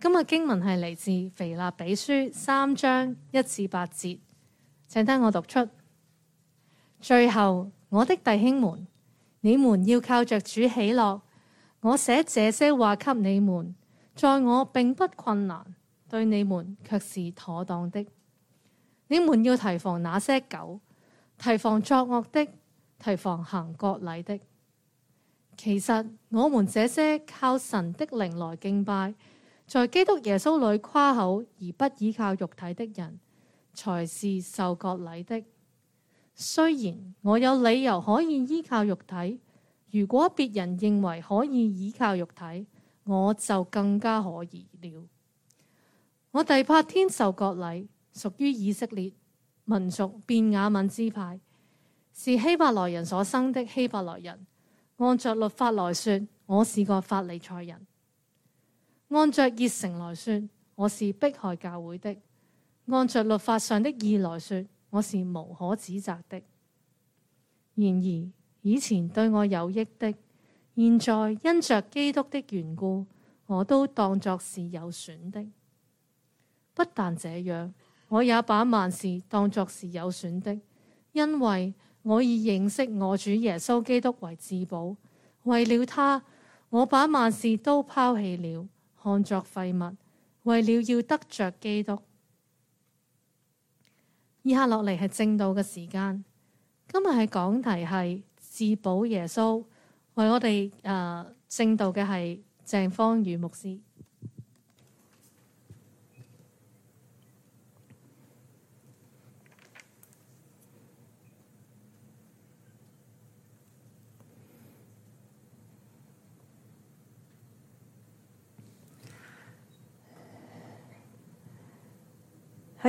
今日經文係嚟自《腓立比書》三章一至八節，請聽我讀出。最後，我的弟兄們，你們要靠着主喜樂。我寫這些話給你們，在我並不困難，對你們卻是妥當的。你們要提防那些狗，提防作惡的，提防行國禮的。其實我們這些靠神的靈來敬拜。在基督耶穌裏誇口而不依靠肉體的人，才是受割禮的。雖然我有理由可以依靠肉體，如果別人認為可以依靠肉體，我就更加可疑了。我第八天受割禮，屬於以色列民族便雅憫支派，是希伯來人所生的希伯來人。按着律法來說，我是個法利賽人。按着熱誠來說，我是迫害教會的；按着律法上的義來說，我是無可指責的。然而，以前對我有益的，現在因着基督的緣故，我都當作是有損的。不但這樣，我也把萬事當作是有損的，因為我已認識我主耶穌基督為至寶。為了他，我把萬事都拋棄了。看作廢物，為了要得着基督。以下落嚟係正道嘅時間。今日嘅講題係自保耶穌，為我哋誒、呃、正道嘅係鄭方如牧師。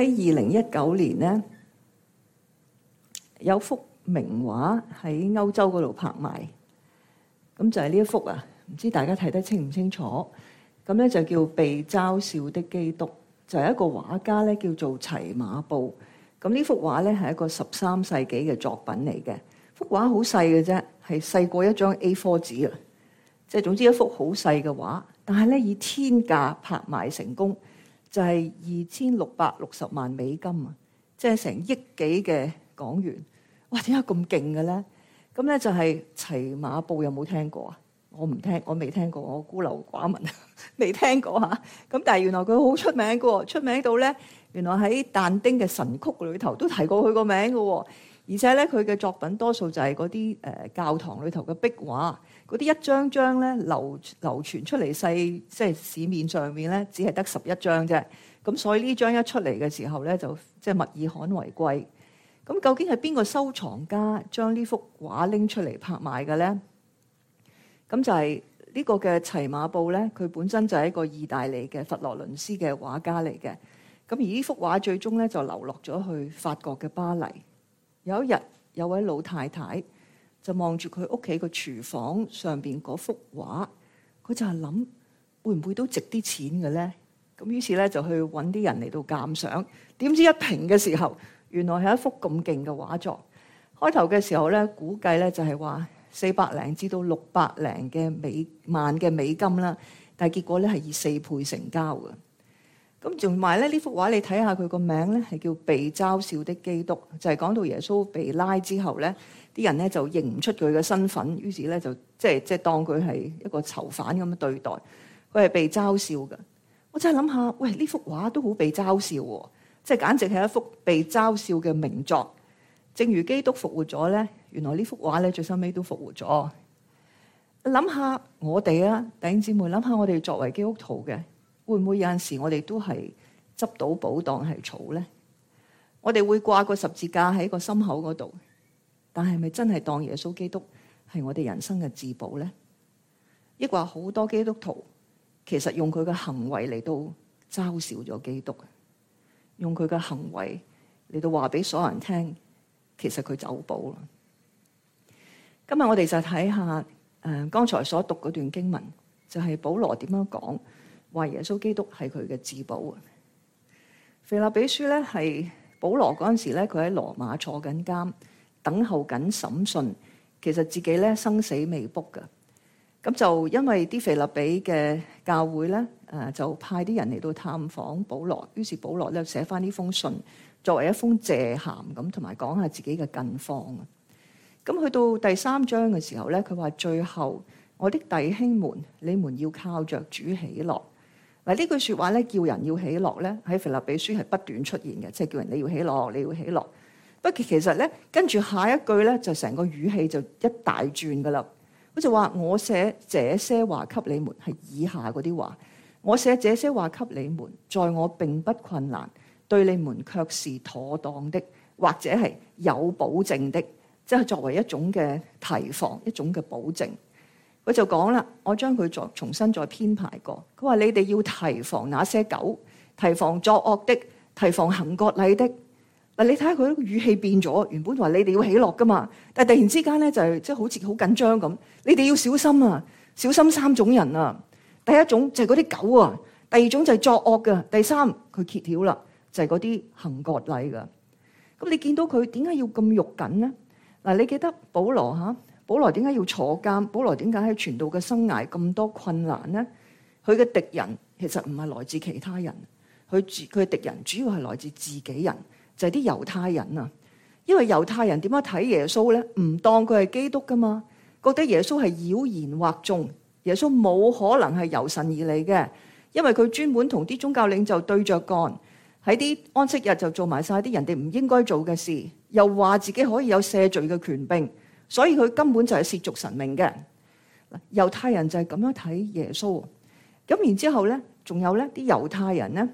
喺二零一九年咧，有幅名畫喺歐洲嗰度拍賣，咁就係呢一幅啊，唔知大家睇得清唔清楚？咁咧就叫被嘲笑的基督，就係一個畫家咧叫做齊馬布。咁呢幅畫咧係一個十三世紀嘅作品嚟嘅，幅畫好細嘅啫，係細過一張 A4 紙啊，即係總之一幅好細嘅畫，但係咧以天價拍賣成功。就係二千六百六十萬美金啊，即係成億幾嘅港元。哇，點解咁勁嘅咧？咁咧就係齊馬布有冇聽過啊？我唔聽，我未聽過，我孤陋寡聞啊，未聽過嚇。咁 但係原來佢好出名嘅喎，出名到咧原來喺但丁嘅神曲裏頭都提過佢個名嘅喎。而且咧佢嘅作品多數就係嗰啲誒教堂裏頭嘅壁畫。嗰啲一張張咧流流傳出嚟，世即係市面上面咧，只係得十一張啫。咁所以呢張一出嚟嘅時候咧，就即係物以罕為貴。咁究竟係邊個收藏家將呢幅畫拎出嚟拍賣嘅咧？咁就係呢個嘅齊馬布咧，佢本身就係一個意大利嘅佛羅倫斯嘅畫家嚟嘅。咁而呢幅畫最終咧就流落咗去法國嘅巴黎。有一日，有位老太太，就望住佢屋企個廚房上邊嗰幅畫，佢就係諗會唔會都值啲錢嘅咧？咁於是咧就去揾啲人嚟到鑑賞。點知一評嘅時候，原來係一幅咁勁嘅畫作。開頭嘅時候咧，估計咧就係話四百零至到六百零嘅美萬嘅美金啦。但係結果咧係以四倍成交嘅。咁仲埋咧呢幅畫，你睇下佢個名咧係叫《被嘲笑的基督》，就係、是、講到耶穌被拉之後咧。啲人咧就認唔出佢嘅身份，於是咧就即係即係當佢係一個囚犯咁樣對待佢，係被嘲笑嘅。我真係諗下，喂，呢幅畫都好被嘲笑喎，即係簡直係一幅被嘲笑嘅名作。正如基督復活咗咧，原來呢幅畫咧最收尾都復活咗。諗下我哋啊，弟兄姊妹，諗下我哋作為基督徒嘅，會唔會有陣時我哋都係執到寶當係草咧？我哋會掛個十字架喺個心口嗰度。但係咪真係當耶穌基督係我哋人生嘅至寶呢？亦話好多基督徒其實用佢嘅行為嚟到嘲笑咗基督，用佢嘅行為嚟到話俾所有人聽，其實佢走寶啦。今日我哋就睇下誒，剛才所讀嗰段經文就係、是、保羅點樣講話，說耶穌基督係佢嘅至寶啊。腓立比書咧係保羅嗰陣時咧，佢喺羅馬坐緊監。等候緊審訊，其實自己咧生死未卜嘅。咁就因為啲腓立比嘅教會咧，誒、呃、就派啲人嚟到探訪保羅，於是保羅咧寫翻呢寫封信作為一封謝函咁，同埋講下自己嘅近況。咁去到第三章嘅時候咧，佢話：最後，我的弟兄們，你們要靠着主喜樂。嗱呢句説話咧，叫人要喜樂咧，喺腓立比書係不斷出現嘅，即、就、係、是、叫人你要喜樂，你要喜樂。不其其實咧，跟住下一句咧，就成個語氣就一大轉噶啦。佢就話：我寫這些話給你們係以下嗰啲話。我寫這些話給你們，在我並不困難，對你們卻是妥當的，或者係有保證的，即係作為一種嘅提防，一種嘅保證。佢就講啦，我將佢再重新再編排過。佢話：你哋要提防那些狗，提防作惡的，提防行國禮的。嗱，你睇下佢語氣變咗，原本話你哋要喜樂噶嘛，但係突然之間咧就即係好似好緊張咁，你哋要小心啊，小心三種人啊。第一種就係嗰啲狗啊，第二種就係作惡嘅，第三，佢揭曉啦，就係嗰啲行割禮嘅。咁你見到佢點解要咁喐緊呢？嗱，你記得保羅吓，保羅點解要坐監？保羅點解喺傳道嘅生涯咁多困難呢？佢嘅敵人其實唔係來自其他人，佢佢嘅敵人主要係來自自己人。就係、是、啲猶太人啊，因為猶太人點樣睇耶穌咧？唔當佢係基督噶嘛，覺得耶穌係妖言惑眾，耶穌冇可能係由神而嚟嘅，因為佢專門同啲宗教領袖對着幹，喺啲安息日就做埋晒啲人哋唔應該做嘅事，又話自己可以有赦罪嘅權柄，所以佢根本就係褻瀆神明嘅。猶太人就係咁樣睇耶穌，咁然之後咧，仲有咧啲猶太人咧。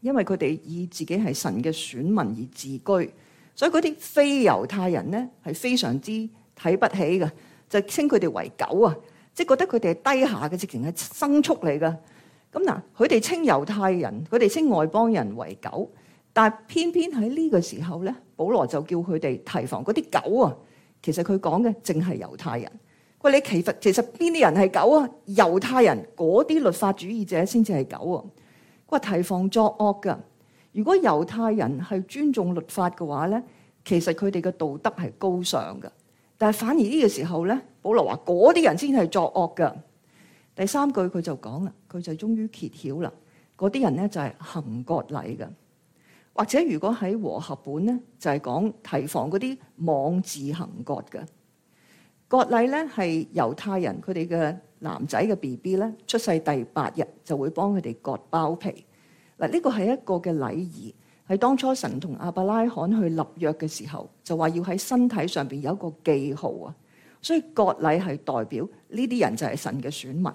因為佢哋以自己係神嘅選民而自居，所以嗰啲非猶太人呢係非常之睇不起嘅，就稱佢哋為狗啊！即係覺得佢哋係低下嘅，直情係牲畜嚟噶。咁嗱，佢哋稱猶太人，佢哋稱外邦人為狗，但係偏偏喺呢個時候咧，保羅就叫佢哋提防嗰啲狗啊！其實佢講嘅正係猶太人。喂，你其實其實邊啲人係狗啊？猶太人嗰啲律法主義者先至係狗啊。哇！提防作惡噶。如果猶太人係尊重律法嘅話咧，其實佢哋嘅道德係高尚嘅。但係反而呢個時候咧，保羅話嗰啲人先係作惡嘅。第三句佢就講啦，佢就終於揭曉啦。嗰啲人咧就係行割禮嘅，或者如果喺和合本咧，就係、是、講提防嗰啲妄自行割嘅割禮咧，係猶太人佢哋嘅。男仔嘅 B B 咧出世第八日就會幫佢哋割包皮嗱，呢個係一個嘅禮儀，喺當初神同亞伯拉罕去立約嘅時候就話要喺身體上邊有一個記號啊，所以割禮係代表呢啲人就係神嘅選民。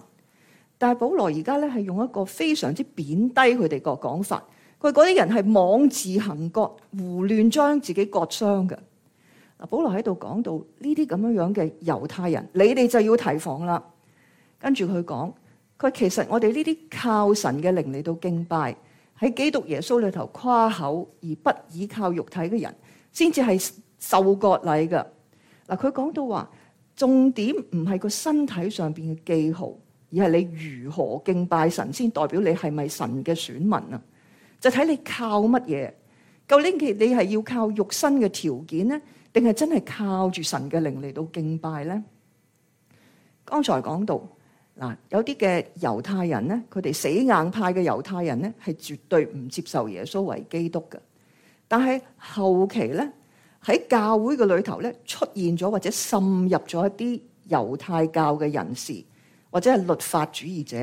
但係保羅而家咧係用一個非常之貶低佢哋個講法，佢嗰啲人係妄自行割，胡亂將自己割傷嘅嗱。保羅喺度講到呢啲咁樣樣嘅猶太人，你哋就要提防啦。跟住佢講，佢其實我哋呢啲靠神嘅靈嚟到敬拜，喺基督耶穌裏頭誇口而不倚靠肉體嘅人，先至係受割禮㗎。嗱，佢講到話，重點唔係個身體上邊嘅記號，而係你如何敬拜神，先代表你係咪神嘅選民啊？就睇你靠乜嘢？究竟你係要靠肉身嘅條件呢？定係真係靠住神嘅靈嚟到敬拜呢？剛才講到。嗱，有啲嘅猶太人咧，佢哋死硬派嘅猶太人咧，係絕對唔接受耶穌為基督嘅。但係後期咧，喺教會嘅裏頭咧，出現咗或者滲入咗一啲猶太教嘅人士，或者係律法主義者。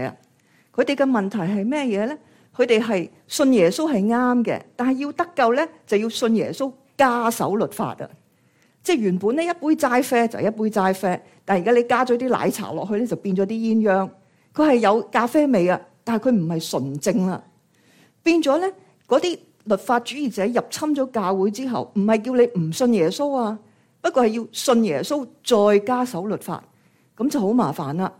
佢哋嘅問題係咩嘢咧？佢哋係信耶穌係啱嘅，但係要得救咧，就要信耶穌加守律法嘅。即係原本咧一杯齋啡就一杯齋啡，但係而家你加咗啲奶茶落去咧，就變咗啲鴛鴦。佢係有咖啡味啊，但係佢唔係純正啦。變咗咧，嗰啲律法主義者入侵咗教會之後，唔係叫你唔信耶穌啊，不過係要信耶穌再加守律法，咁就好麻煩啦。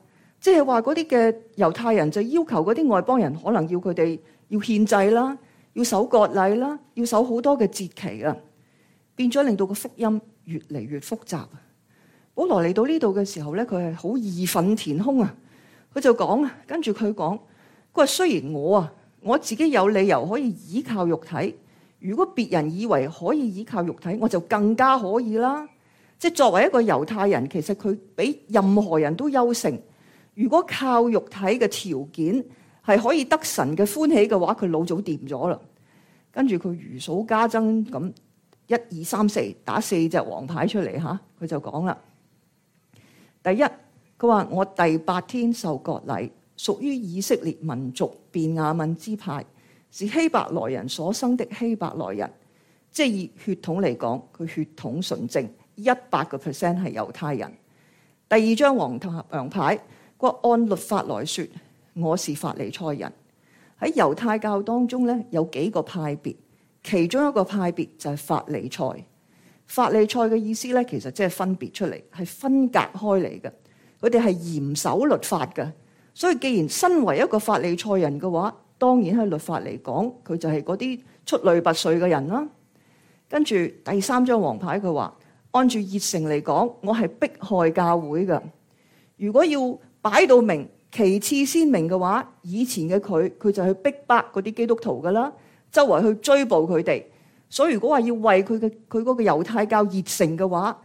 即係話嗰啲嘅猶太人就要求嗰啲外邦人可能要佢哋要獻祭啦，要守割禮啦，要守好多嘅節期啊，變咗令到個福音越嚟越複雜。保羅嚟到呢度嘅時候咧，佢係好義憤填膺啊！佢就講啊，跟住佢講，佢話雖然我啊，我自己有理由可以倚靠肉體，如果別人以為可以倚靠肉體，我就更加可以啦。即係作為一個猶太人，其實佢比任何人都優勝。如果靠肉體嘅條件係可以得神嘅歡喜嘅話，佢老早掂咗啦。跟住佢如數家珍咁。一二三四打四隻黃牌出嚟嚇，佢就講啦。第一，佢話我第八天受割禮，屬於以色列民族便雅憫之派，是希伯來人所生的希伯來人，即係以血統嚟講，佢血統純正，一百個 percent 係猶太人。第二張黃牌，我按律法來説，我是法利賽人。喺猶太教當中咧，有幾個派別。其中一個派別就係法利賽，法利賽嘅意思咧，其實即係分別出嚟，係分隔開嚟嘅。佢哋係嚴守律法嘅，所以既然身為一個法利賽人嘅話，當然喺律法嚟講，佢就係嗰啲出類拔萃嘅人啦。跟住第三張黃牌，佢話：按住熱誠嚟講，我係迫害教會嘅。如果要擺到明，其次先明嘅話，以前嘅佢，佢就去逼迫嗰啲基督徒噶啦。周圍去追捕佢哋，所以如果話要為佢嘅佢嗰個猶太教熱誠嘅話，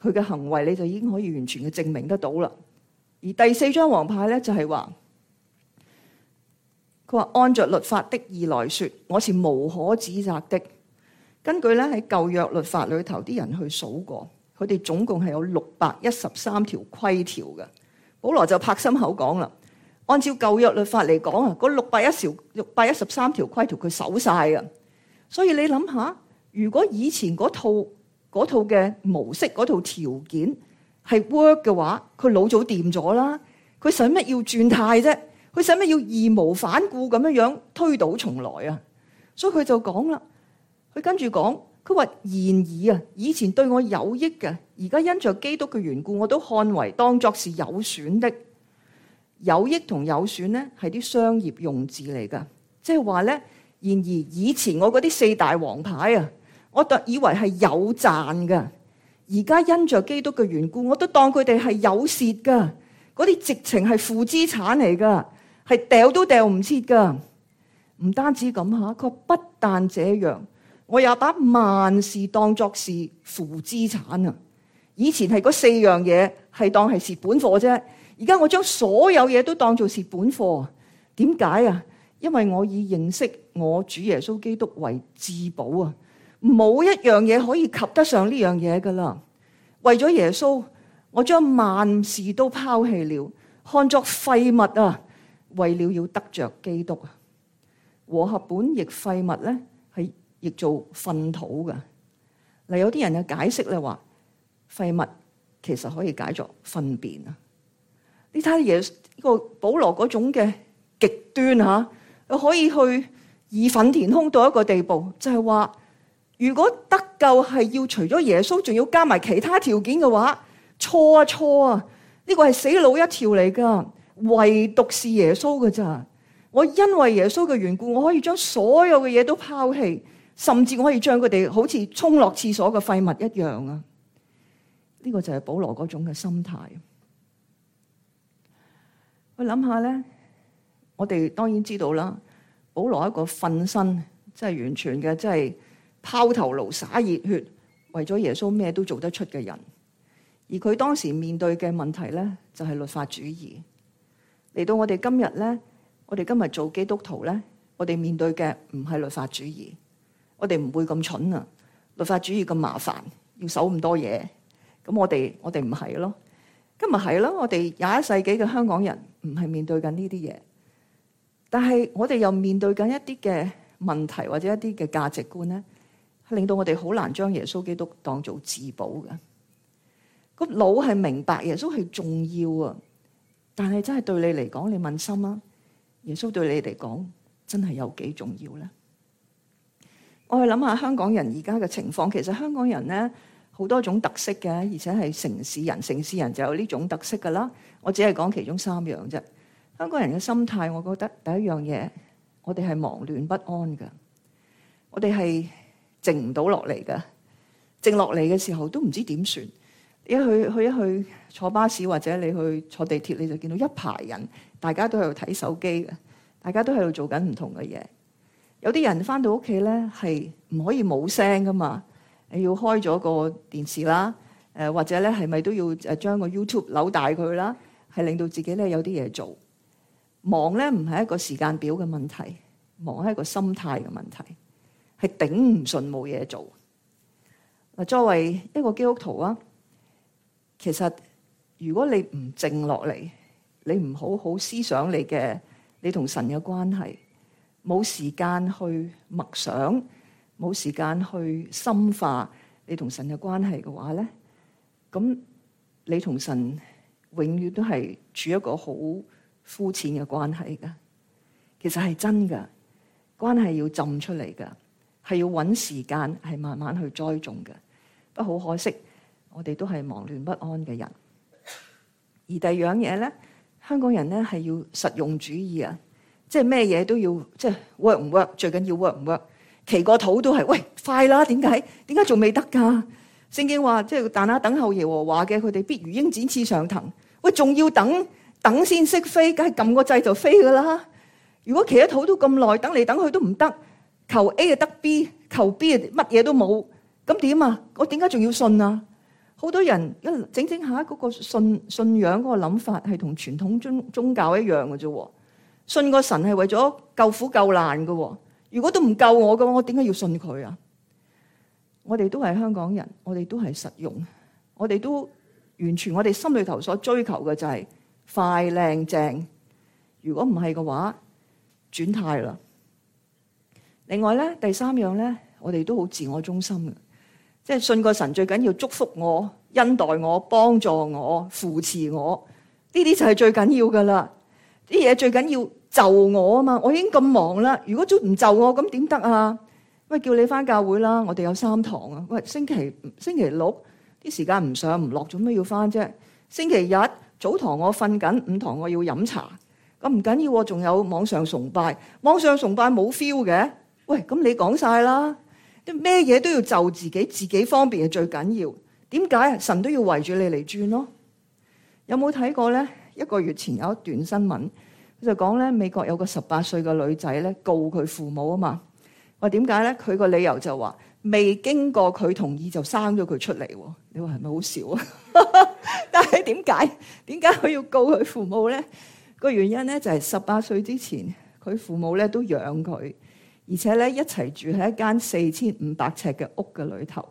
佢嘅行為你就已經可以完全嘅證明得到啦。而第四張黃牌咧就係話，佢話按着律法的義來說，我是無可指責的。根據咧喺舊約律法裏頭啲人去數過，佢哋總共係有六百一十三條規條嘅。保羅就拍心口講啦。按照舊約律法嚟講啊，個六百一條、六百一十三條規條，佢守晒啊。所以你諗下，如果以前嗰套嗰套嘅模式、嗰套條件係 work 嘅話，佢老早掂咗啦。佢使乜要轉態啫？佢使乜要義無反顧咁樣樣推倒重來啊？所以佢就講啦，佢跟住講，佢話：然而啊，以前對我有益嘅，而家因着基督嘅緣故，我都看為當作是有損的。有益同有損咧，係啲商業用字嚟噶，即係話咧。然而以前我嗰啲四大王牌啊，我特以為係有賺噶，而家因着基督嘅緣故，我都當佢哋係有蝕噶。嗰啲直情係負資產嚟噶，係掉都掉唔切噶。唔單止咁吓，佢不但這樣，我又把萬事當作是負資產啊！以前係嗰四樣嘢係當係蝕本貨啫。而家我將所有嘢都當做蝕本貨，點解啊？因為我以認識我主耶穌基督為至寶啊！冇一樣嘢可以及得上呢樣嘢噶啦。為咗耶穌，我將萬事都拋棄了，看作廢物啊！為了要得着基督啊，和合本譯廢物咧係譯做糞土噶。嗱，有啲人嘅解釋咧話，廢物其實可以解作糞便啊。呢啲嘢，呢個保羅嗰種嘅極端吓，可以去義憤填膺到一個地步，就係話如果得救係要除咗耶穌，仲要加埋其他條件嘅話，錯啊錯啊！呢個係死路一條嚟噶，唯獨是耶穌㗎咋。我因為耶穌嘅緣故，我可以將所有嘅嘢都拋棄，甚至我可以將佢哋好似沖落廁所嘅廢物一樣啊！呢個就係保羅嗰種嘅心態。我諗下咧，我哋當然知道啦。保羅一個瞓身，即係完全嘅，即係拋頭顱灑熱血，為咗耶穌咩都做得出嘅人。而佢當時面對嘅問題咧，就係、是、律法主義。嚟到我哋今日咧，我哋今日做基督徒咧，我哋面對嘅唔係律法主義，我哋唔會咁蠢啊！律法主義咁麻煩，要守咁多嘢，咁我哋我哋唔係咯。咁咪係咯，我哋廿一世紀嘅香港人唔係面對緊呢啲嘢，但係我哋又面對緊一啲嘅問題或者一啲嘅價值觀咧，令到我哋好難將耶穌基督當做至寶嘅。個腦係明白耶穌係重要啊，但係真係對你嚟講，你問心啊，耶穌對你嚟講真係有幾重要咧？我去諗下香港人而家嘅情況，其實香港人咧。好多種特色嘅，而且係城市人，城市人就有呢種特色㗎啦。我只係講其中三樣啫。香港人嘅心態，我覺得第一樣嘢，我哋係忙亂不安㗎，我哋係靜唔到落嚟㗎，靜落嚟嘅時候都唔知點算。一去去一去坐巴士或者你去坐地鐵，你就見到一排人，大家都喺度睇手機嘅，大家都喺度做緊唔同嘅嘢。有啲人返到屋企呢係唔可以冇聲㗎嘛。你要開咗個電視啦，誒或者咧係咪都要誒將個 YouTube 扭大佢啦，係令到自己咧有啲嘢做。忙咧唔係一個時間表嘅問題，忙係一個心態嘅問題，係頂唔順冇嘢做。嗱，作為一個基督徒啊，其實如果你唔靜落嚟，你唔好好思想你嘅你同神嘅關係，冇時間去默想。冇時間去深化你同神嘅關係嘅話咧，咁你同神永遠都係處一個好膚淺嘅關係噶其實係真噶，關係要浸出嚟噶，係要揾時間，係慢慢去栽種嘅。不過好可惜，我哋都係忙亂不安嘅人。而第二樣嘢咧，香港人咧係要實用主義啊，即係咩嘢都要，即係 work 唔 work，最緊要 work 唔 work。企個肚都係喂快啦，點解點解仲未得噶？聖經話即係但啊，等候耶和華嘅，佢哋必如鷹展翅上騰。喂，仲要等等先識飛，梗係撳個掣就飛噶啦。如果企個肚都咁耐，等嚟等去都唔得，求 A 就得 B，求 B 乜嘢都冇，咁點啊？我點解仲要信啊？好多人一整整一下嗰個信信仰嗰個諗法係同傳統宗宗教一樣嘅啫，信個神係為咗救苦救難噶。如果都唔夠我嘅話，我點解要信佢啊？我哋都係香港人，我哋都係實用，我哋都完全，我哋心裏頭所追求嘅，就係快、靚、正。如果唔係嘅話，轉態啦。另外咧，第三樣咧，我哋都好自我中心嘅，即係信個神最緊要祝福我、恩待我、幫助我、扶持我，呢啲就係最緊要噶啦。啲嘢最緊要。就我啊嘛，我已經咁忙啦。如果都唔就我，咁點得啊？喂，叫你翻教會啦，我哋有三堂啊。喂，星期星期六啲時間唔上唔落，做咩要翻啫？星期日早堂我瞓緊，午堂我要飲茶。咁唔緊要，仲有網上崇拜，網上崇拜冇 feel 嘅。喂，咁你講晒啦，咩嘢都要就自己，自己方便係最緊要。點解啊？神都要圍住你嚟轉咯。有冇睇過咧？一個月前有一段新聞。就講咧，美國有個十八歲嘅女仔咧，告佢父母啊嘛，話點解咧？佢個理由就話未經過佢同意就生咗佢出嚟。你話係咪好笑啊？ 但係點解？點解佢要告佢父母咧？個原因咧就係十八歲之前，佢父母咧都養佢，而且咧一齊住喺一間四千五百尺嘅屋嘅裏頭，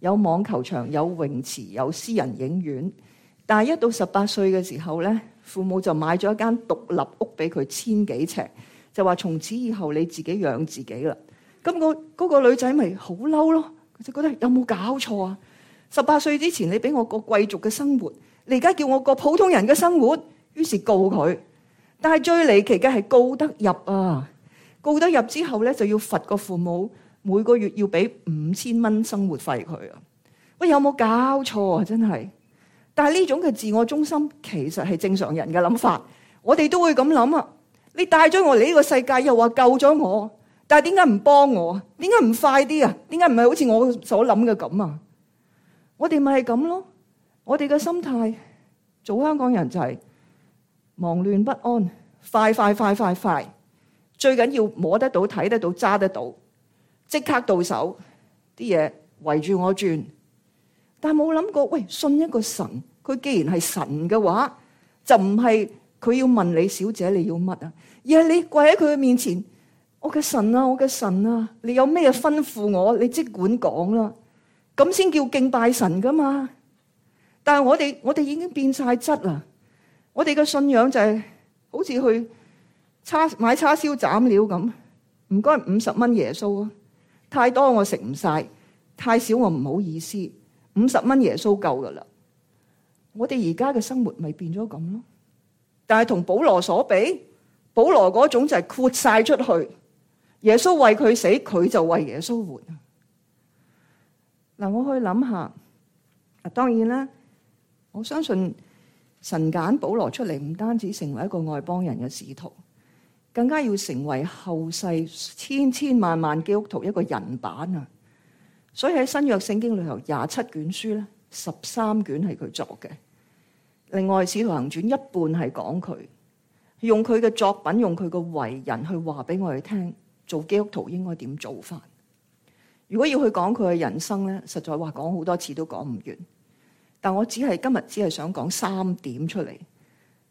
有網球場、有泳池、有私人影院。但係一到十八歲嘅時候咧，父母就買咗一間獨立屋俾佢千幾尺，就話從此以後你自己養自己啦。咁個女仔咪好嬲咯，佢就覺得有冇搞錯啊？十八歲之前你俾我過貴族嘅生活，你而家叫我過普通人嘅生活，於是告佢。但係最離奇嘅係告得入啊！告得入之後咧，就要罰個父母每個月要俾五千蚊生活費佢啊！喂，有冇搞錯啊？真係！但係呢種嘅自我中心，其實係正常人嘅諗法。我哋都會咁諗啊！你帶咗我嚟呢個世界，又話救咗我，但係點解唔幫我？點解唔快啲啊？點解唔係好似我所諗嘅咁啊？我哋咪係咁咯。我哋嘅心態，做香港人就係忙亂不安，快快快快快！最緊要摸得到、睇得到、揸得到，即刻到手啲嘢圍住我轉。但係冇諗過，喂，信一個神，佢既然係神嘅話，就唔係佢要問你小姐，你要乜啊？而係你跪喺佢面前，我嘅神啊，我嘅神啊，你有咩吩咐我，你即管講啦，咁先叫敬拜神噶嘛。但係我哋我哋已經變晒質啦，我哋嘅信仰就係好似去叉買叉燒斬料咁，唔該五十蚊耶穌啊，太多我食唔晒，太少我唔好意思。五十蚊耶穌夠噶啦，我哋而家嘅生活咪變咗咁咯？但係同保羅所比，保羅嗰種就係豁晒出去，耶穌為佢死，佢就為耶穌活。嗱，我去諗下，啊，當然啦，我相信神揀保羅出嚟，唔單止成為一個外邦人嘅使徒，更加要成為後世千千萬萬基督徒一個人版啊！所以喺新約聖經裏頭，廿七卷書咧，十三卷係佢作嘅。另外，使徒行傳一半係講佢，用佢嘅作品，用佢個為人去話俾我哋聽，做基督徒應該點做法。如果要去講佢嘅人生咧，實在話講好多次都講唔完。但我只係今日只係想講三點出嚟。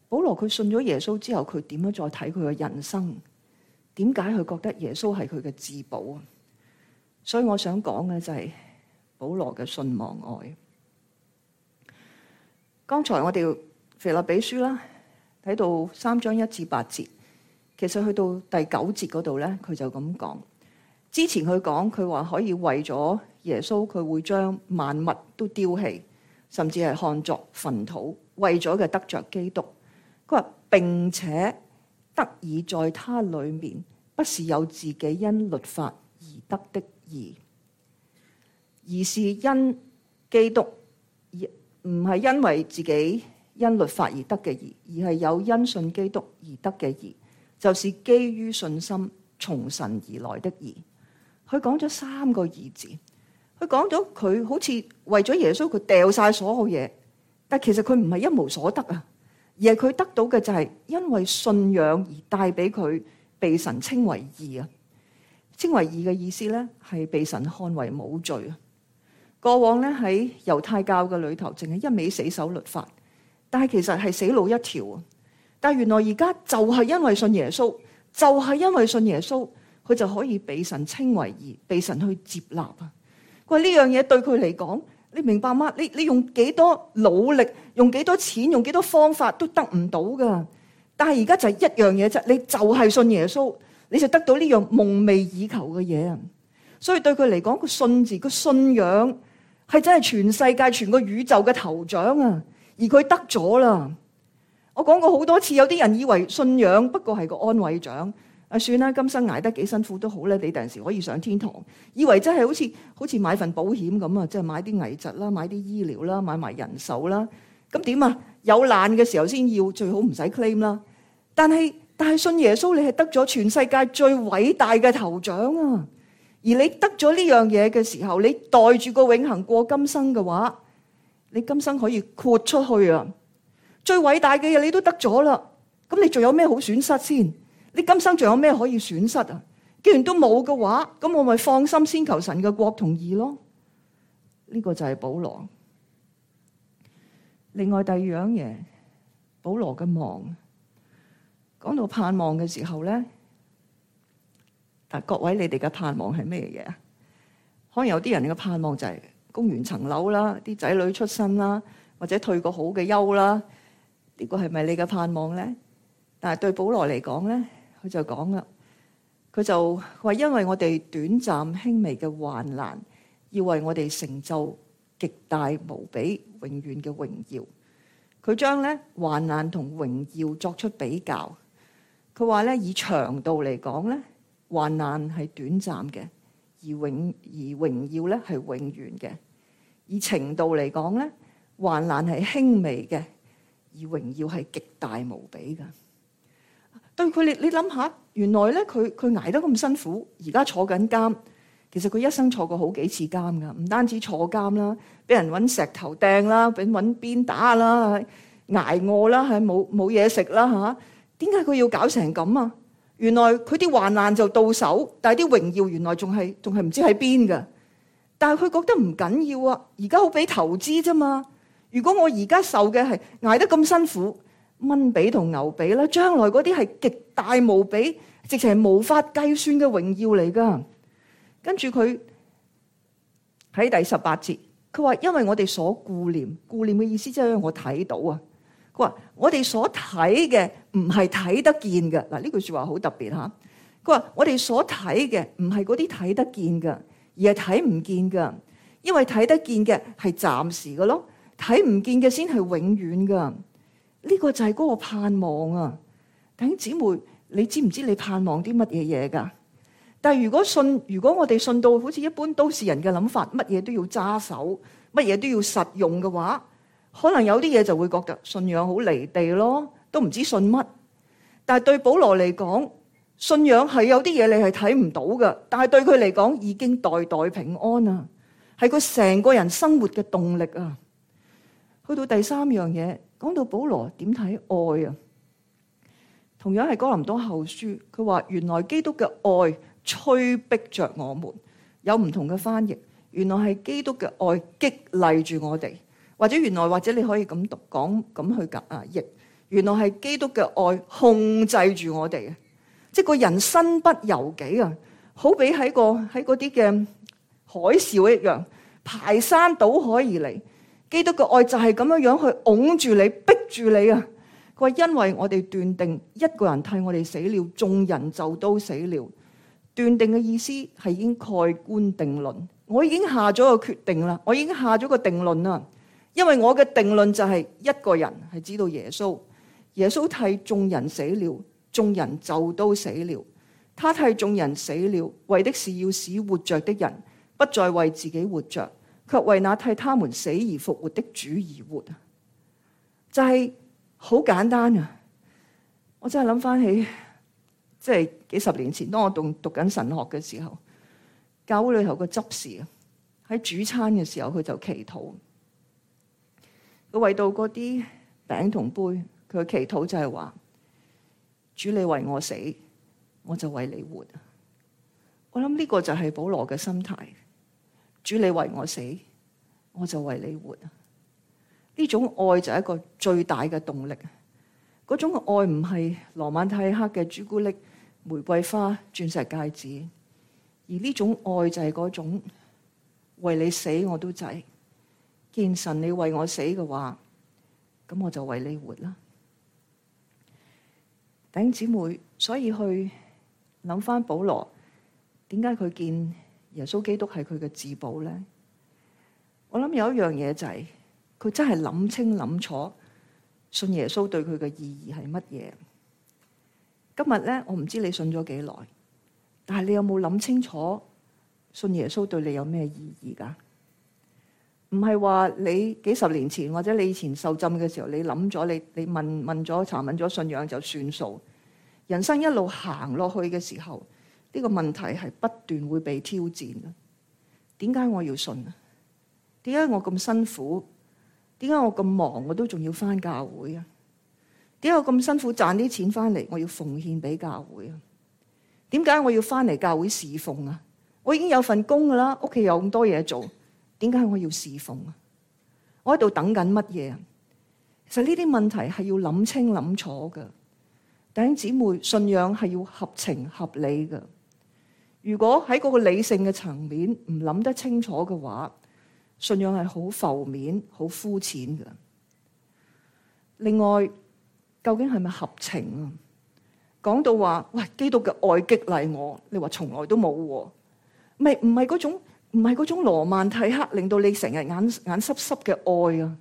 保羅佢信咗耶穌之後，佢點樣再睇佢嘅人生？點解佢覺得耶穌係佢嘅至寶啊？所以我想講嘅就係保羅嘅信望愛。剛才我哋腓立比書啦，睇到三章一至八節，其實去到第九節嗰度咧，佢就咁講。之前佢講佢話可以為咗耶穌，佢會將萬物都丟棄，甚至係看作糞土，為咗嘅得着基督。佢話並且得以在他裏面，不是有自己因律法而得的。而，而是因基督，唔係因為自己因律法而得嘅義，而係有因信基督而得嘅義，就是基於信心從神而來的義。佢講咗三個義字，佢講咗佢好似為咗耶穌佢掉晒所有嘢，但其實佢唔係一無所得啊，而係佢得到嘅就係因為信仰而帶俾佢被神稱為義啊。稱為義嘅意思咧，係被神看為冇罪啊！過往咧喺猶太教嘅裏頭，淨係一味死守律法，但係其實係死路一條啊！但係原來而家就係因為信耶穌，就係因為信耶穌，佢就可以被神稱為義，被神去接納啊！佢話呢樣嘢對佢嚟講，你明白嗎？你你用幾多努力，用幾多錢，用幾多方法都得唔到噶，但係而家就係一樣嘢啫，你就係信耶穌，你就得到呢樣夢寐以求嘅嘢，所以對佢嚟講，個信字，個信仰係真係全世界、全個宇宙嘅頭獎啊！而佢得咗啦。我講過好多次，有啲人以為信仰不過係個安慰獎啊！算啦，今生捱得幾辛苦都好咧，你第時可以上天堂。以為真係好似好似買份保險咁啊，即係買啲危疾啦，買啲醫療啦，買埋人壽啦。咁點啊？有難嘅時候先要，最好唔使 claim 啦。但係。但係信耶穌，你係得咗全世界最偉大嘅頭獎啊！而你得咗呢樣嘢嘅時候，你帶住個永恒過今生嘅話，你今生可以豁出去啊！最偉大嘅嘢，你都得咗啦，咁你仲有咩好損失先？你今生仲有咩可以損失啊？既然都冇嘅話，咁我咪放心先求神嘅國同意咯。呢個就係保羅。另外第二樣嘢，保羅嘅望。講到盼望嘅時候呢，但各位你哋嘅盼望係咩嘢？可能有啲人嘅盼望就係供完層樓啦，啲仔女出身啦，或者退個好嘅休啦，呢個係咪你嘅盼望呢？但係對保羅嚟講呢，佢就講了，佢就話因為我哋短暫輕微嘅患難，要為我哋成就極大無比永遠嘅榮耀。佢將呢患難同榮耀作出比較。佢話咧，以長度嚟講咧，患難係短暫嘅，而永而榮耀咧係永遠嘅；以程度嚟講咧，患難係輕微嘅，而榮耀係極大無比嘅。對佢，你你諗下，原來咧佢佢，捱得咁辛苦，而家坐緊監，其實佢一生坐過好幾次監噶，唔單止坐監啦，俾人揾石頭掟啦，俾揾鞭打啦，捱餓啦，係冇冇嘢食啦，嚇。點解佢要搞成咁啊？原來佢啲患難就到手，但係啲榮耀原來仲係仲係唔知喺邊噶。但係佢覺得唔緊要啊！而家好比投資啫嘛。如果我而家受嘅係捱得咁辛苦，蚊髀同牛髀啦，將來嗰啲係極大無比，直情係無法計算嘅榮耀嚟噶。跟住佢喺第十八節，佢話因為我哋所顧念，顧念嘅意思即係我睇到啊。佢話：我哋所睇嘅唔係睇得見嘅嗱，呢句説話好特別嚇。佢話：我哋所睇嘅唔係嗰啲睇得見嘅，而係睇唔見嘅，因為睇得見嘅係暫時嘅咯，睇唔見嘅先係永遠嘅。呢個就係嗰個盼望啊！弟姊妹，你知唔知你盼望啲乜嘢嘢㗎？但係如果信，如果我哋信到好似一般都市人嘅諗法，乜嘢都要揸手，乜嘢都要實用嘅話，可能有啲嘢就會覺得信仰好離地咯，都唔知信乜。但係對保羅嚟講，信仰係有啲嘢你係睇唔到㗎。但係對佢嚟講已經代代平安啊，係佢成個人生活嘅動力啊。去到第三樣嘢，講到保羅點睇愛啊，同樣係哥林多後書，佢話原來基督嘅愛催逼着我們，有唔同嘅翻譯，原來係基督嘅愛激勵住我哋。或者原來，或者你可以咁讀，講咁去解啊，亦原來係基督嘅愛控制住我哋嘅，即係個人身不由己啊，好比喺個喺嗰啲嘅海潮一樣，排山倒海而嚟。基督嘅愛就係咁樣樣去擁住你，逼住你啊。佢話因為我哋斷定一個人替我哋死了，眾人就都死了。斷定嘅意思係已經蓋棺定論，我已經下咗個決定啦，我已經下咗個，個定論啦。因為我嘅定論就係一個人係知道耶穌，耶穌替眾人死了，眾人就都死了。他替眾人死了，為的是要使活着的人不再為自己活着，卻為那替他們死而復活的主而活。就係、是，好簡單啊！我真係諗翻起，即係幾十年前，當我讀讀緊神學嘅時候，教會裏頭個執事喺主餐嘅時候，佢就祈禱。佢為到嗰啲餅同杯，佢祈禱就係話：主你為我死，我就為你活。我諗呢個就係保羅嘅心態。主你為我死，我就為你活。呢種愛就係一個最大嘅動力。嗰種愛唔係羅曼蒂克嘅朱古力、玫瑰花、鑽石戒指，而呢種愛就係嗰種為你死我都制。見神，你為我死嘅話，咁我就為你活啦。弟兄姊妹，所以去諗翻保羅，點解佢見耶穌基督係佢嘅自保咧？我諗有一樣嘢就係、是、佢真係諗清諗楚，信耶穌對佢嘅意義係乜嘢？今日咧，我唔知你信咗幾耐，但係你有冇諗清楚信耶穌對你有咩意義噶？唔係話你幾十年前或者你以前受浸嘅時候，你諗咗你你問問咗查問咗信仰就算數。人生一路行落去嘅時候，呢個問題係不斷會被挑戰嘅。點解我要信啊？點解我咁辛苦？點解我咁忙我都仲要翻教會啊？點解我咁辛苦賺啲錢翻嚟，我要奉獻俾教會啊？點解我要翻嚟教會侍奉啊？我已經有份工噶啦，屋企有咁多嘢做。點解我要侍奉啊？我喺度等緊乜嘢啊？其實呢啲問題係要諗清諗楚嘅。弟兄姊妹，信仰係要合情合理嘅。如果喺嗰個理性嘅層面唔諗得清楚嘅話，信仰係好浮面、好膚淺嘅。另外，究竟係咪合情啊？講到話喂，基督嘅愛激勵我，你話從來都冇，咪唔係嗰種？唔係嗰種羅曼蒂克，令到你成日眼眼濕濕嘅愛啊！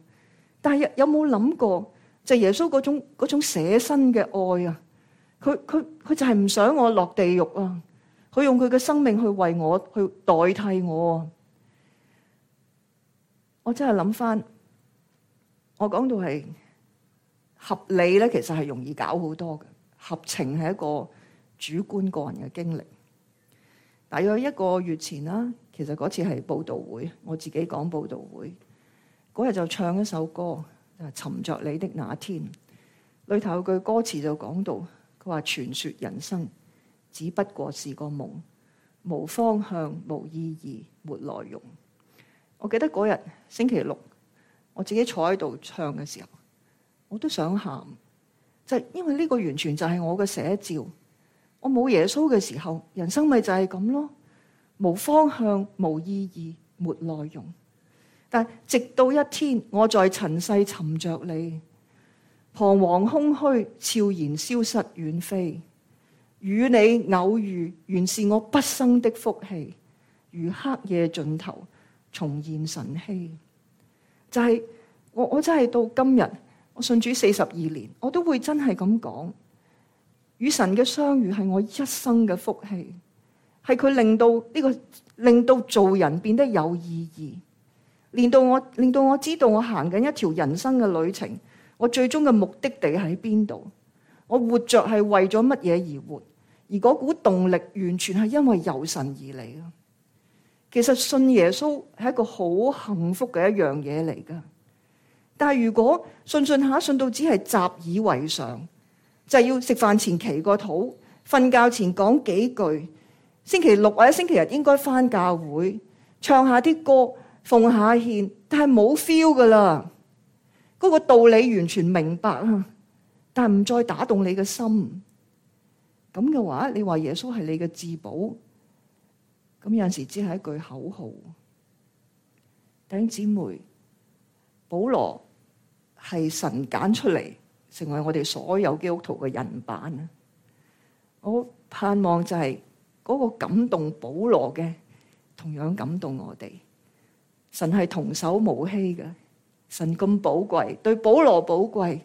但係有有冇諗過，就係耶穌嗰種嗰種捨身嘅愛啊？佢佢佢就係唔想我落地獄啊！佢用佢嘅生命去為我去代替我啊！我真係諗翻，我講到係合理咧，其實係容易搞好多嘅。合情係一個主觀個人嘅經歷。大約一個月前啦。其實嗰次係報道會，我自己講報道會。嗰日就唱一首歌，就是《尋着你的那天》裏頭有句歌詞就講到，佢話傳說人生只不過是個夢，無方向、無意義、沒內容。我記得嗰日星期六，我自己坐喺度唱嘅時候，我都想喊，就係因為呢個完全就係我嘅寫照。我冇耶穌嘅時候，人生咪就係咁咯。無方向、無意義、沒內容。但直到一天，我在塵世尋着你，彷徨空虛，悄然消失遠飛。與你偶遇，原是我畢生的福氣。如黑夜盡頭重現晨曦，就係、是、我我真係到今日，我信主四十二年，我都會真係咁講：與神嘅相遇係我一生嘅福氣。係佢令到呢、這個令到做人變得有意義，令到我令到我知道我行緊一條人生嘅旅程，我最終嘅目的地喺邊度？我活着係為咗乜嘢而活？而嗰股動力完全係因為由神而嚟。其實信耶穌係一個好幸福嘅一樣嘢嚟噶。但係如果信信下信到只係習以為常，就係、是、要食飯前祈個禱，瞓覺前講幾句。星期六或者星期日應該翻教會唱下啲歌奉下獻，但係冇 feel 噶啦。嗰個道理完全明白啊，但唔再打動你嘅心。咁嘅話，你話耶穌係你嘅至寶，咁有陣時只係一句口號。弟兄姊妹，保羅係神揀出嚟成為我哋所有基督徒嘅人版。」我盼望就係。嗰、那個感動保羅嘅，同樣感動我哋。神係同手無欺嘅，神咁寶貴，對保羅寶貴，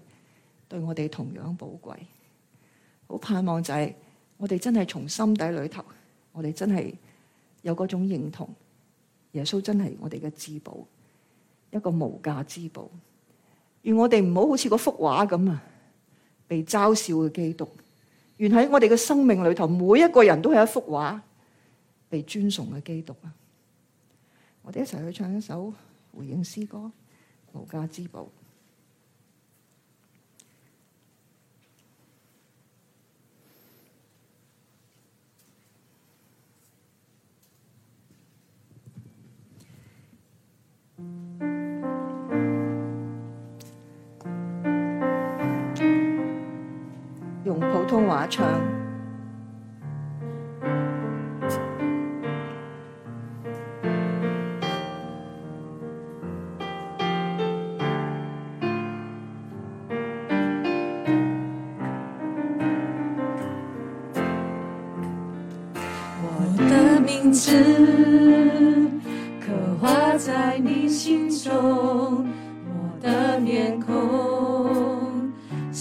對我哋同樣寶貴。好盼望就係、是、我哋真係從心底裏頭，我哋真係有嗰種認同，耶穌真係我哋嘅至寶，一個無價之寶。而我哋唔好好似個幅畫咁啊，被嘲笑嘅基督。原來喺我哋嘅生命裏頭，每一個人都係一幅畫，被尊崇嘅基督。我哋一齊去唱一首回應詩歌，《無價之寶》。用普通話唱。我的名字刻畫在你心中，我的面孔。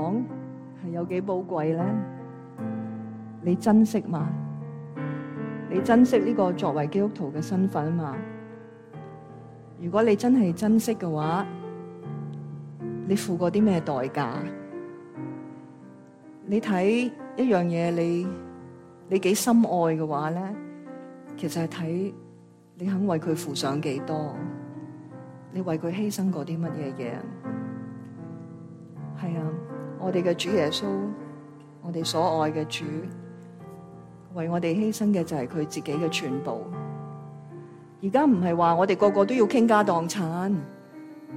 講係有幾寶貴咧？你珍惜嘛？你珍惜呢個作為基督徒嘅身份嘛？如果你真係珍惜嘅話，你付過啲咩代價？你睇一樣嘢，你你幾深愛嘅話咧，其實係睇你肯為佢付上幾多，你為佢犧牲過啲乜嘢嘢？係啊。我哋嘅主耶穌，我哋所愛嘅主，為我哋犧牲嘅就係佢自己嘅全部。而家唔係話我哋個個都要傾家蕩產，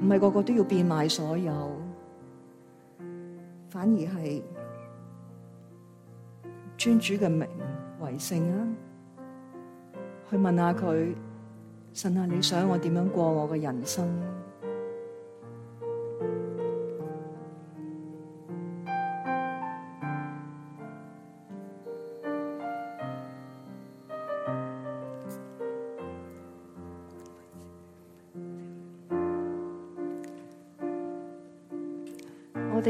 唔係個個都要變賣所有，反而係尊主嘅名為聖。啊！去問下佢，神下，你想我點樣過我嘅人生？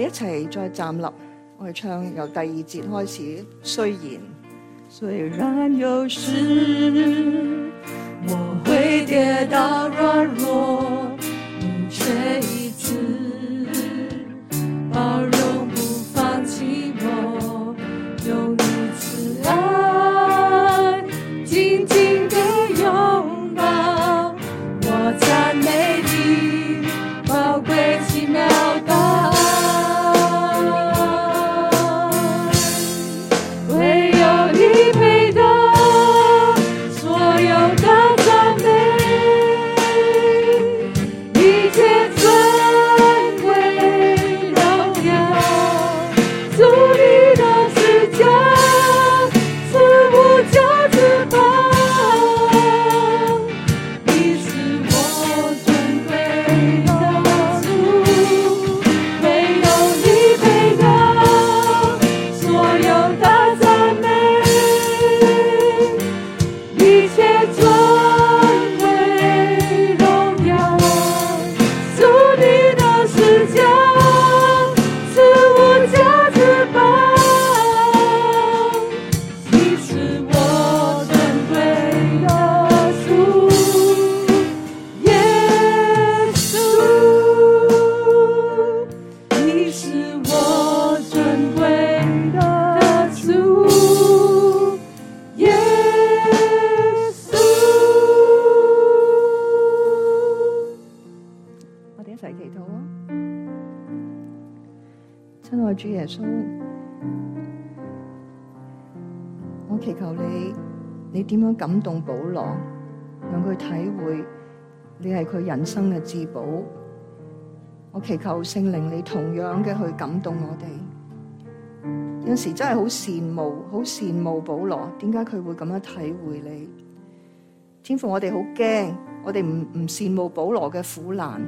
一齊再站立，我哋唱由第二節開始，嗯。雖然，雖然有時我會跌倒軟弱。主耶穌，我祈求你，你點樣感動保羅，讓佢體會你係佢人生嘅至寶。我祈求聖靈，你同樣嘅去感動我哋。有陣時真係好羨慕，好羨慕保羅，點解佢會咁樣體會你？天父，我哋好驚，我哋唔唔羨慕保羅嘅苦難，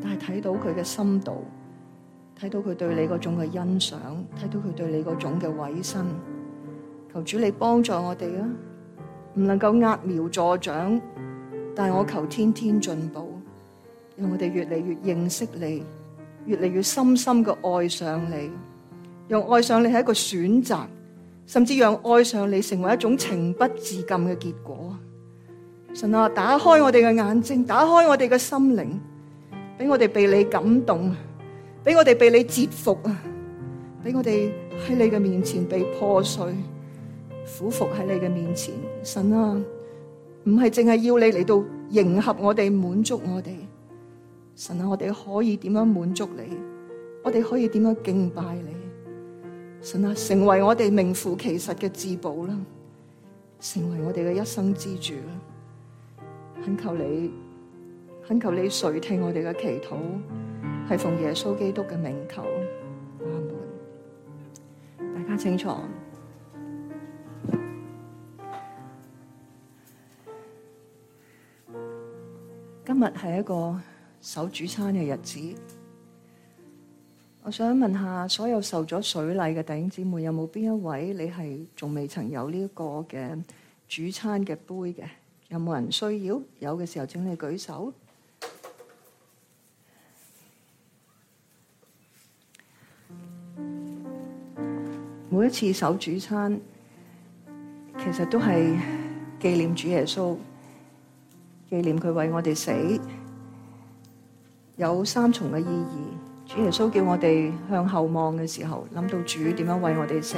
但係睇到佢嘅深度。睇到佢對你嗰種嘅欣賞，睇到佢對你嗰種嘅委身，求主你幫助我哋啊！唔能夠揠苗助長，但係我求天天進步，讓我哋越嚟越認識你，越嚟越深深嘅愛上你，讓愛上你係一個選擇，甚至讓愛上你成為一種情不自禁嘅結果。神啊，打開我哋嘅眼睛，打開我哋嘅心靈，俾我哋被你感動。俾我哋被你折服啊！俾我哋喺你嘅面前被破碎、俯伏喺你嘅面前，神啊！唔係淨係要你嚟到迎合我哋、滿足我哋。神啊，我哋可以點樣滿足你？我哋可以點樣敬拜你？神啊，成為我哋名副其實嘅至寶啦，成為我哋嘅一生之主啦！懇求你，懇求你垂聽我哋嘅祈禱。係奉耶穌基督嘅名頭阿門！大家清楚。今日係一個守主餐嘅日子，我想問一下所有受咗水禮嘅弟兄姊妹，有冇邊一位你係仲未曾有呢一個嘅主餐嘅杯嘅？有冇人需要？有嘅時候，請你舉手。每一次守主餐，其實都係紀念主耶穌，紀念佢為我哋死，有三重嘅意義。主耶穌叫我哋向後望嘅時候，想到主點樣為我哋死，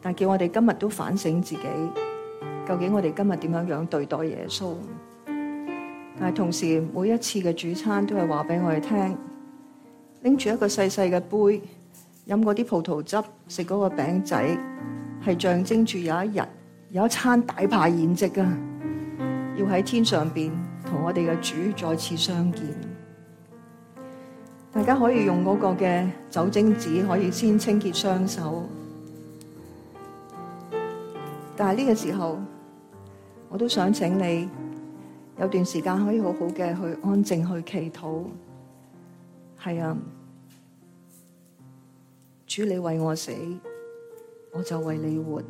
但叫我哋今日都反省自己，究竟我哋今日點樣樣對待耶穌。但同時，每一次嘅主餐都係話俾我哋聽，拎住一個細細嘅杯。飲嗰啲葡萄汁，食嗰個餅仔，係象徵住有一日有一餐大排筵席啊！要喺天上邊同我哋嘅主再次相見。大家可以用嗰個嘅酒精紙，可以先清潔雙手。但係呢個時候，我都想請你有段時間可以好好嘅去安靜去祈禱。係啊。主你為我死，我就為你活。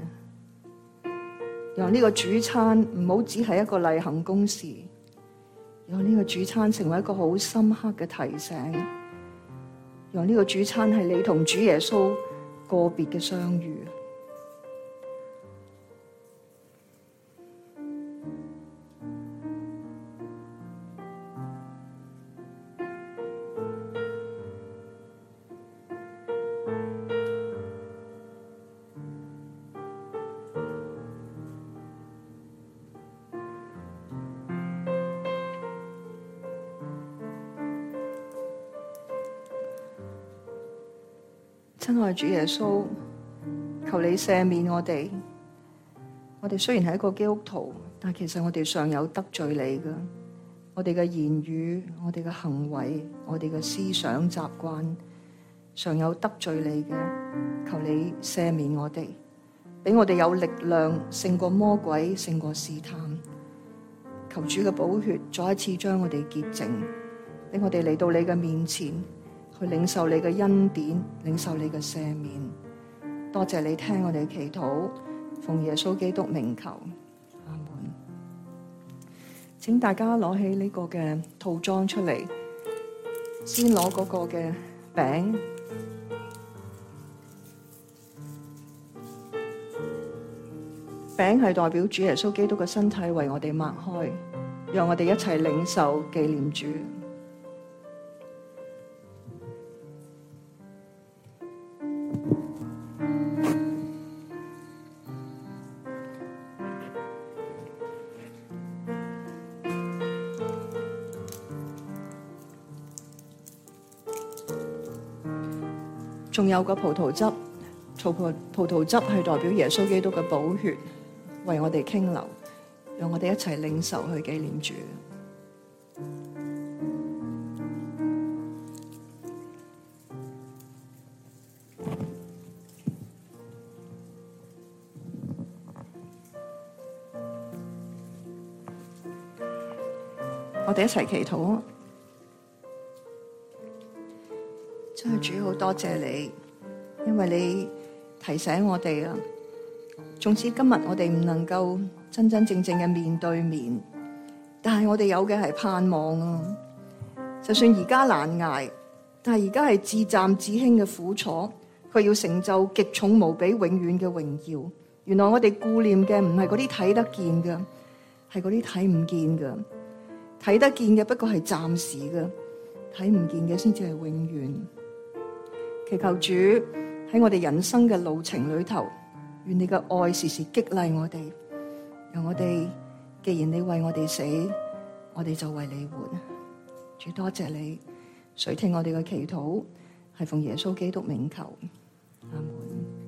讓呢個主餐唔好只係一個例行公事，讓呢個主餐成為一個好深刻嘅提醒，讓呢個主餐係你同主耶穌個別嘅相遇。親愛主耶穌，求你赦免我哋。我哋雖然係一個基督徒，但其實我哋尚有得罪你嘅。我哋嘅言語、我哋嘅行為、我哋嘅思想習慣，尚有得罪你嘅。求你赦免我哋，俾我哋有力量勝過魔鬼，勝過試探。求主嘅寶血再一次將我哋潔淨，俾我哋嚟到你嘅面前。去領受你嘅恩典，領受你嘅赦免。多謝你聽我哋祈禱，奉耶穌基督名求，阿門。請大家攞起呢個嘅套裝出嚟，先攞嗰個嘅餅。餅係代表主耶穌基督嘅身體，為我哋擘開，讓我哋一齊領受紀念主。仲有個葡萄汁，葡萄，葡萄汁係代表耶穌基督嘅寶血，為我哋傾流，讓我哋一齊領受佢紀念主。我哋一齊祈禱。真係主，好多謝你，因為你提醒我哋啊。縱使今日我哋唔能夠真真正正嘅面對面，但係我哋有嘅係盼望啊。就算而家難捱，但係而家係至暫至輕嘅苦楚，佢要成就極重無比永遠嘅榮耀。原來我哋顧念嘅唔係嗰啲睇得見嘅，係嗰啲睇唔見嘅。睇得見嘅不過係暫時嘅，睇唔見嘅先至係永遠。祈求主喺我哋人生嘅路程裏頭，願你嘅愛時時激勵我哋。讓我哋既然你為我哋死，我哋就為你活。主多謝你，垂聽我哋嘅祈禱，係奉耶穌基督名求，阿門。